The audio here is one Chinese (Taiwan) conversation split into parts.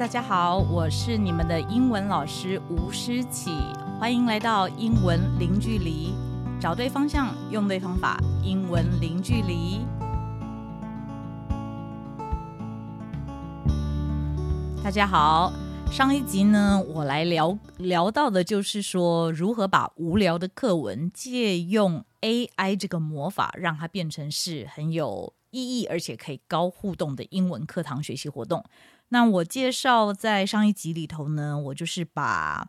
大家好，我是你們的英文老師吳詩綺，歡迎來到英文零距離。找對方向，用對方法，英文零距離。大家好，上一集呢，我來聊聊到的就是說，如何把無聊的課文借用 AI 這個魔法，讓它變成是很有意義，而且可以高互動的英文課堂學習活動。那我介紹在上一集裡頭呢，我就是把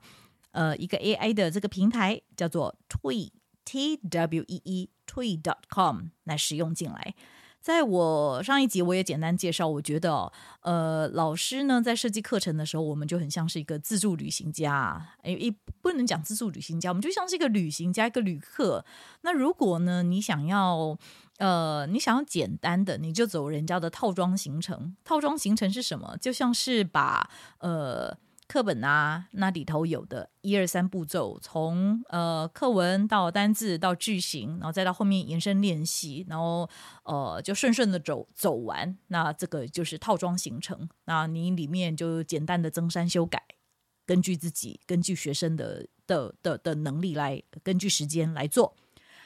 呃一個 AI 的這個平台叫做 Twee T W E E Twee dot com 來使用進來。在我上一集我也簡單介紹，我覺得、哦、呃，老師呢在設計課程的時候，我們就很像是一個自助旅行家，哎，一不能講自助旅行家，我們就像是一個旅行家，一個旅客。那如果呢，你想要呃，你想要簡單的，你就走人家的套裝行程。套裝行程是什麼？就像是把呃。課本啊，那裡頭有的一二三步驟，從呃課文到單字到句型，然後再到後面延伸練習，然後呃就順順的走走完，那這個就是套裝行程。那你裡面就簡單的增刪修改，根據自己根據學生的的的的能力來，根據時間來做。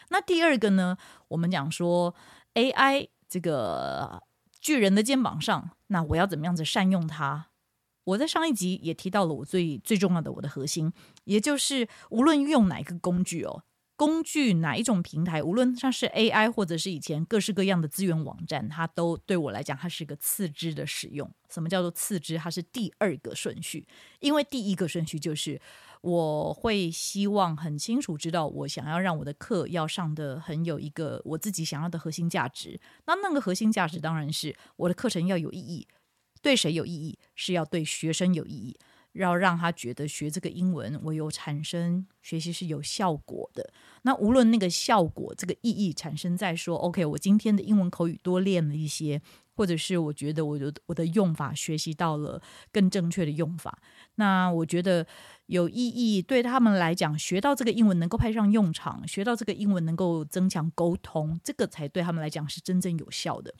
那第二個呢，我們講說 AI 這個巨人的肩膀上，那我要怎麼樣子善用它？我在上一集也提到了我最最重要的我的核心，也就是無論用哪一個工具哦，工具哪一種平台，無論像是 AI 或者是以前各式各樣的資源網站，它都對我來講，它是一個次之的使用。什麼叫做次之？它是第二個順序，因為第一個順序就是我會希望很清楚知道，我想要讓我的課要上得很有一個我自己想要的核心價值。那那個核心價值當然是我的課程要有意義。對誰有意義，是要對學生有意義，要讓他覺得學這個英文，我有產生學習是有效果的。那無論那個效果，這個意義產生在說，OK，我今天的英文口語多練了一些，或者是我覺得我我的用法學習到了更正確的用法。那我覺得有意義，對他們來講，學到這個英文能夠派上用場，學到這個英文能夠增強溝通，這個才對他們來講是真正有效的。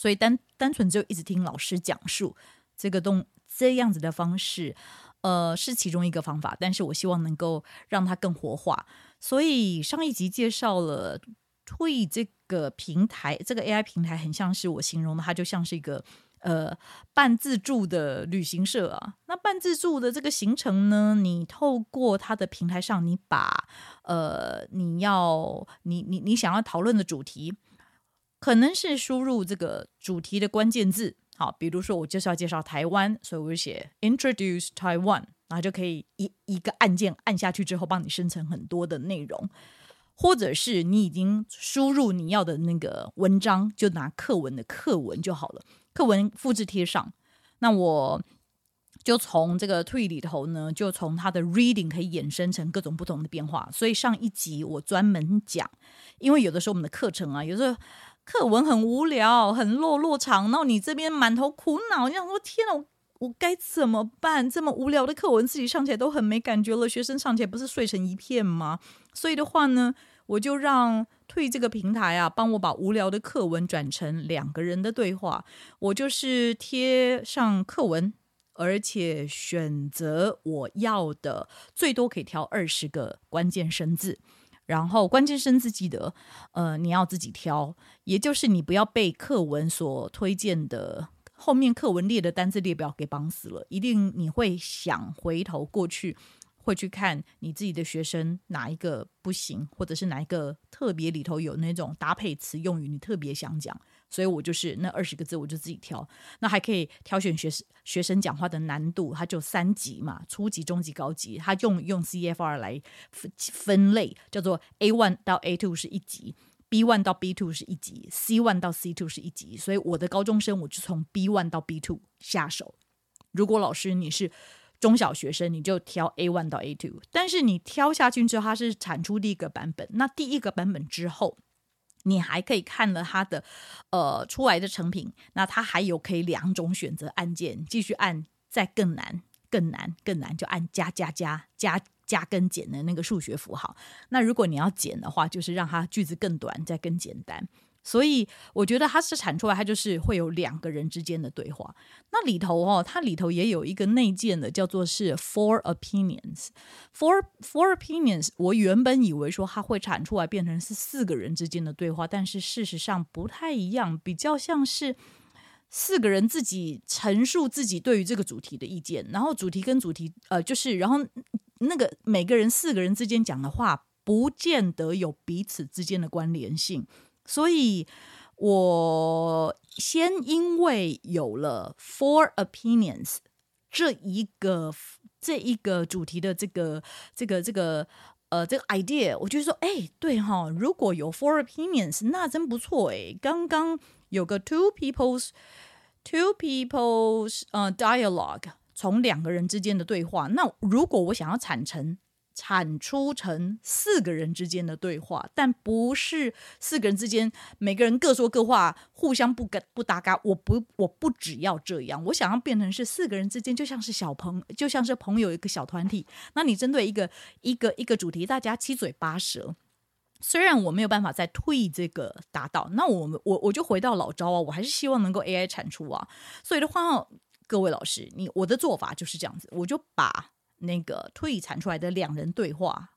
所以單單純就一直聽老師講述這個動這樣子的方式，呃，是其中一個方法。但是我希望能夠讓它更活化。所以上一集介紹了 Twee 這個平台，這個 AI 平台很像是我形容的，它就像是一個呃半自助的旅行社啊。那半自助的這個行程呢，你透過它的平台上你，呃，你把呃你要你你你想要討論的主題。可能是輸入這個主題的關鍵字。好，比如說我就是要介紹台灣，所以我就寫 introduce Taiwan，然後就可以一一個按鍵按下去之後，幫你生成很多的內容，或者是你已經輸入你要的那個文章，就拿課文的課文就好了，課文複製貼上，那我就從這個 Twee 裡頭呢，就從它的 reading 可以衍生成各種不同的變化，所以上一集我專門講，因為有的時候我們的課程啊，有的時候。課文很無聊，很落落長，然後你這邊滿頭苦惱，你想說天哪，我我該怎麼辦？這麼無聊的課文自己上起來都很沒感覺了，學生上起來不是睡成一片嗎？所以的話呢，我就讓 Twee 這個平台啊，幫我把無聊的課文轉成兩個人的對話。我就是貼上課文，而且選擇我要的，最多可以挑二十個關鍵生字。然後，關鍵生字記得，呃，你要自己挑，也就是你不要被課文所推薦的後面課文列的單字列表給綁死了，一定你會想回頭過去，會去看你自己的學生哪一個不行，或者是哪一個特別裡頭有那種搭配詞用語，你特別想講。所以我就是那二十個字，我就自己挑。那還可以挑選學學生講話的難度，它就三級嘛，初級、中級、高級。它用用 C F R 來分分類，叫做 A one 到 A two 是一級，B one 到 B two 是一級，C one 到 C two 是一級。所以我的高中生我就從 B one 到 B two 下手。如果老師你是中小學生，你就挑 A one 到 A two。但是你挑下去之後，它是產出第一個版本。那第一個版本之後。你還可以看了它的，呃，出來的成品，那它還有可以兩種選擇按鍵，繼續按，再更難，更難，更難，就按加加加加加跟減的那個數學符號。那如果你要減的話，就是讓它句子更短，再更簡單。所以我覺得它是產出來，它就是會有兩個人之間的對話。那裡頭哦，它裡頭也有一個內建的，叫做是 four opinions。Four, four opinions。我原本以為說它會產出來變成是四個人之間的對話，但是事實上不太一樣，比較像是四個人自己陳述自己對於這個主題的意見。然後主題跟主題，呃，就是然後那個每個人四個人之間講的話，不見得有彼此之間的關聯性。所以，我先因為有了 four opinions 這一個這一個主題的這個這個這個呃這個 idea，我就說，誒、欸，對哈、哦，如果有 four opinions，那真不錯誒，剛剛有個 two people's two people's 呃、uh, dialogue，從兩個人之間的對話，那如果我想要產生。產出成四個人之間的對話，但不是四個人之間每個人各說各話，互相不跟不搭嘎。我不，我不只要這樣，我想要變成是四個人之間，就像是小朋，就像是朋友一個小團體。那你針對一個一個一個主題，大家七嘴八舌。雖然我沒有辦法在 Twee 這個達到，那我們我我就回到老招啊，我還是希望能夠 AI 產出啊。所以的話，各位老師，你我的做法就是這樣子，我就把。那個 Twee 產出來的兩人對話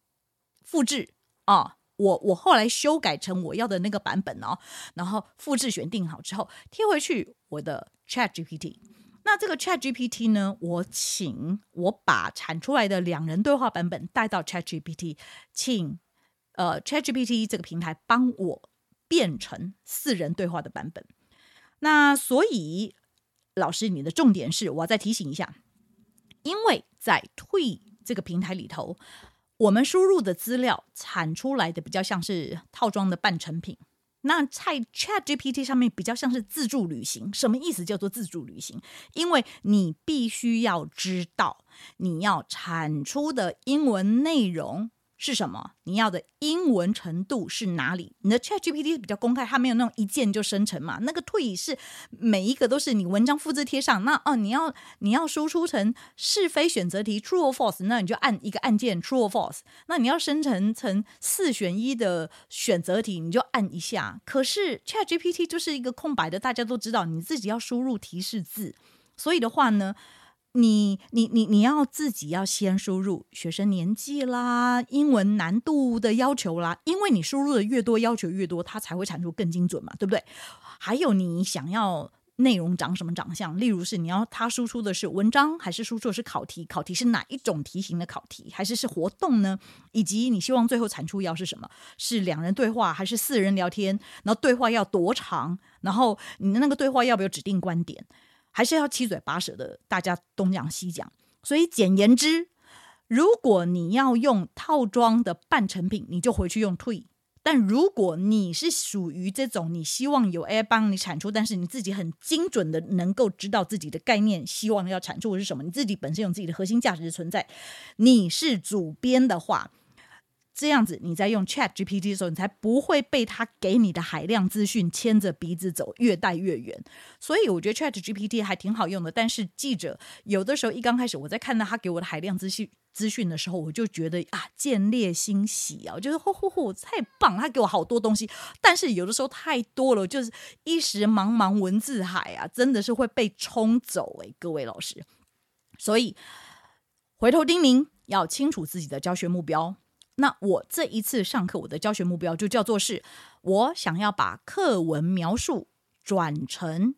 複製啊、哦，我我後來修改成我要的那個版本哦，然後複製選定好之後貼回去我的 Chat GPT。那這個 Chat GPT 呢，我請我把產出來的兩人對話版本帶到 Chat GPT，請呃 Chat GPT 這個平台幫我變成四人對話的版本。那所以老師，你的重點是，我要再提醒一下。因為在 Twee 這個平台裡頭，我們輸入的資料產出來的比較像是套裝的半成品；那在 ChatGPT 上面比較像是自助旅行。什麼意思叫做自助旅行？因為你必須要知道你要產出的英文內容是什麼？你要的英文程度是哪裡？你的 Chat GPT 比較公開，它沒有那種一鍵就生成嘛。那個 Twee 是每一個都是你文章複製貼上，那哦，你要你要輸出成是非選擇題 True or False，那你就按一個按鍵 True or False。那你要生成成四選一的選擇題，你就按一下。可是 Chat GPT 就是一個空白的，大家都知道你自己要輸入提示字，所以的話呢。你你你你要自己要先輸入學生年紀啦，英文難度的要求啦，因為你輸入的越多，要求越多，它才會產出更精準嘛，對不對？還有你想要內容長什麼長相？例如是你要它輸出的是文章，還是輸出的是考題？考題是哪一種題型的考題？還是是活動呢？以及你希望最後產出要是什麼？是兩人對話還是四人聊天？然後對話要多長？然後你的那個對話要不要指定觀點？還是要七嘴八舌的，大家東講西講。所以簡言之，如果你要用套裝的半成品，你就回去用 Twee；但如果你是屬於這種你希望有 AI 幫你產出，但是你自己很精準的能夠知道自己的概念，希望要產出的是什麼，你自己本身有自己的核心價值的存在，你是主編的話。這樣子，你在用 Chat GPT 的時候，你才不會被他給你的海量資訊牽着鼻子走，越帶越遠。所以我覺得 Chat GPT 還挺好用的。但是記者有的時候一剛開始，我在看到他給我的海量資訊資訊的時候，我就覺得啊，見獵心喜啊，就是呼呼呼，太棒！他給我好多東西，但是有的時候太多了，就是一時茫茫文字海啊，真的是會被沖走誒、欸，各位老師。所以回頭叮嚀，要清楚自己的教學目標。那我這一次上課，我的教學目標就叫做是，我想要把課文描述轉成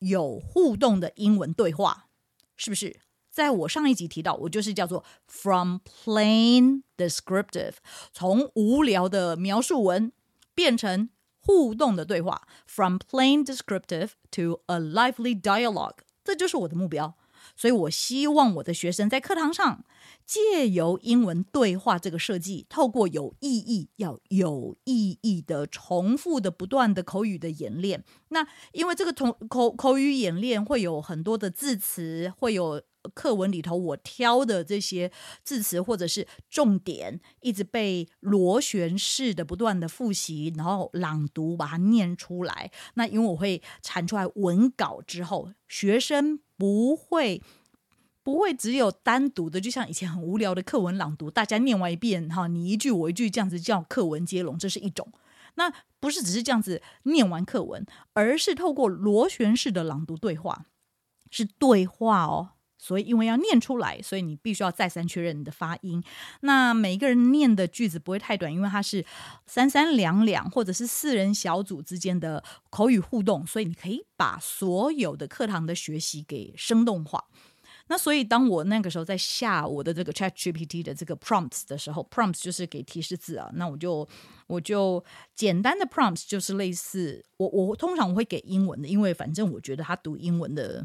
有互動的英文對話，是不是？在我上一集提到，我就是叫做 from plain descriptive，從無聊的描述文變成互動的對話，from plain descriptive to a lively dialogue，這就是我的目標。所以，我希望我的學生在課堂上借由英文對話這個設計，透過有意義、要有意義的重複的、不斷的口語的演練。那因為這個同口口語演練會有很多的字詞，會有。課文裡頭我挑的這些字詞或者是重點，一直被螺旋式的不斷的複習，然後朗讀把它念出來。那因為我會產出來文稿之後，學生不會不會只有單獨的，就像以前很無聊的課文朗讀，大家念完一遍哈，你一句我一句這樣子叫課文接龍，這是一種。那不是只是這樣子念完課文，而是透過螺旋式的朗讀對話，是對話哦。所以，因為要念出來，所以你必須要再三確認你的發音。那每一個人念的句子不會太短，因為它是三三兩兩或者是四人小組之間的口語互動，所以你可以把所有的課堂的學習給生動化。那所以，當我那個時候在下我的這個 Chat GPT 的這個 prompts 的時候，prompt 就是給提示字啊。那我就我就簡單的 prompts 就是類似我我通常我會給英文的，因為反正我覺得他讀英文的，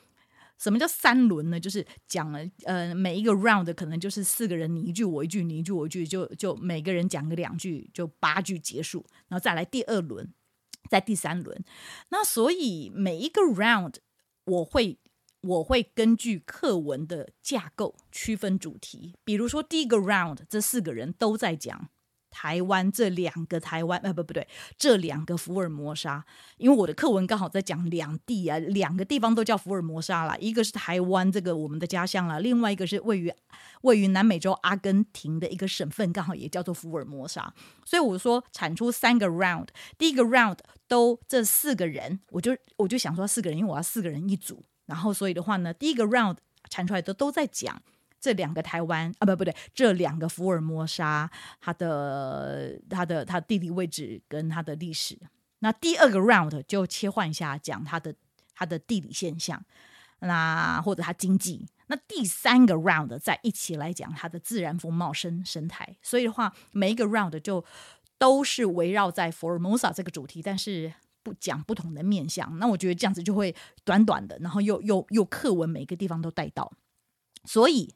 什麼叫三輪呢？就是講了，呃，每一個 round 可能就是四個人，你一句我一句，你一句我一句，就就每個人講個兩句，就八句結束，然後再來第二輪，再第三輪。那所以每一個 round 我會我會根據課文的架構區分主題，比如說第一個 round 這四個人都在講。台灣這兩個台灣，呃、哎，不，不對，這兩個福爾摩沙，因為我的課文剛好在講兩地啊，兩個地方都叫福爾摩沙啦，一個是台灣這個我們的家鄉啦，另外一個是位於位於南美洲阿根廷的一個省份，剛好也叫做福爾摩沙，所以我說產出三個 round，第一個 round 都這四個人，我就我就想說四個人，因為我要四個人一組，然後所以的話呢，第一個 round 產出來的都在講。這兩個台灣啊，不不對，這兩個福爾摩沙，它的它的它的地理位置跟它的歷史。那第二個 round 就切換一下，講它的它的地理現象，那或者它經濟。那第三個 round 再一起來講它的自然風貌生、生生態。所以的話，每一個 round 就都是圍繞在福爾摩沙這個主題，但是不講不同的面向。那我覺得這樣子就會短短的，然後又又又課文每個地方都帶到，所以。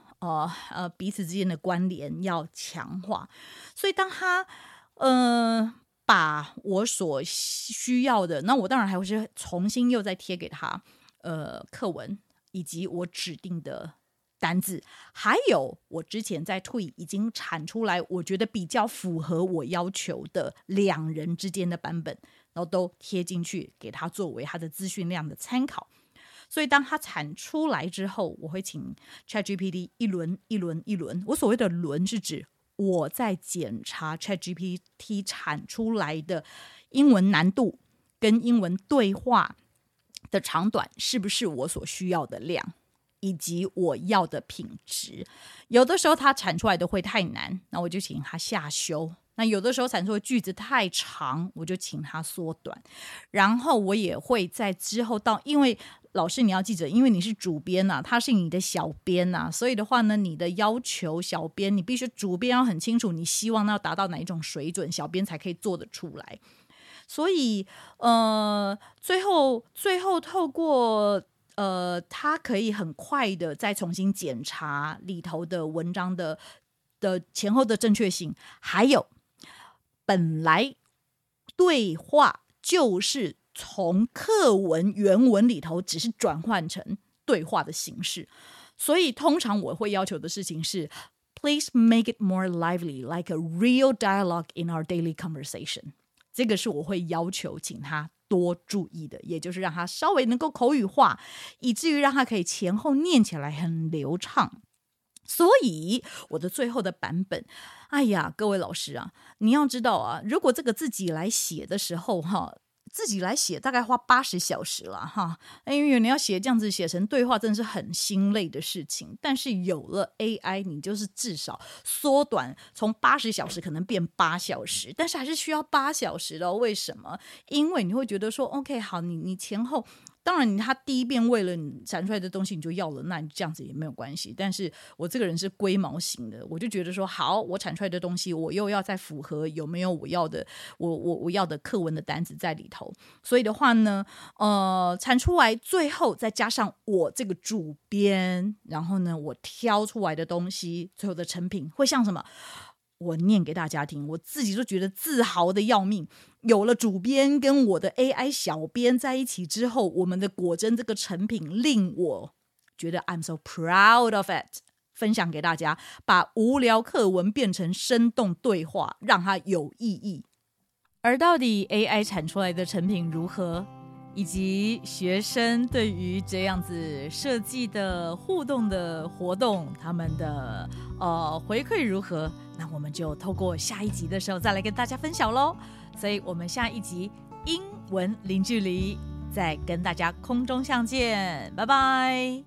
呃、哦、呃，彼此之間的關聯要強化，所以當他嗯、呃、把我所需要的，那我當然還會是重新又再貼給他，呃，課文以及我指定的單字，還有我之前在 Twee 已經產出來，我覺得比較符合我要求的兩人之間的版本，然後都貼進去給他作為他的資訊量的參考。所以，當它產出來之後，我會請 Chat GPT 一輪一輪一輪，一輪。我所謂的“輪”是指我在檢查 Chat GPT 產出來的英文難度、跟英文對話的長短是不是我所需要的量，以及我要的品質。有的時候它產出來的會太難，那我就請它下修；那有的時候產出的句子太長，我就請它縮短。然後我也會在之後到因為。老師，你要記着，因為你是主編吶、啊，他是你的小編吶、啊，所以的話呢，你的要求小編，小編你必須，主編要很清楚，你希望他要達到哪一種水準，小編才可以做得出來。所以，呃，最後，最後透過呃，他可以很快的再重新檢查裡頭的文章的的前後的正確性，還有本來對話就是。從課文原文裡頭，只是轉換成對話的形式。所以，通常我會要求的事情是：Please make it more lively, like a real dialogue in our daily conversation。這個是我會要求，請他多注意的，也就是讓他稍微能夠口語化，以至於讓他可以前後念起來很流暢。所以，我的最後的版本，哎呀，各位老師啊，你要知道啊，如果這個自己來寫的時候，哈。自己來寫大概花八十小時了哈，因為你要寫這樣子寫成對話真的是很心累的事情。但是有了 AI，你就是至少縮短從八十小時可能變八小時，但是還是需要八小時的。為什麼？因為你會覺得說 OK 好，你你前後。當然，你他第一遍為了你產出來的東西，你就要了，那你這樣子也沒有關係。但是我這個人是龜毛型的，我就覺得說，好，我產出來的東西，我又要再符合有沒有我要的，我我我要的課文的單子在裡頭。所以的話呢，呃，產出來最後再加上我這個主編，然後呢，我挑出來的東西，最後的成品會像什麼？我念給大家聽，我自己都覺得自豪的要命。有了主編跟我的 AI 小編在一起之後，我們的果真這個成品令我覺得 I'm so proud of it。分享給大家，把無聊課文變成生動對話，讓它有意義。而到底 AI 產出來的成品如何？以及學生對於這樣子設計的互動的活動，他們的呃回饋如何？那我們就透過下一集的時候再來跟大家分享嘍。所以我們下一集英文零距離，再跟大家空中相見，拜拜。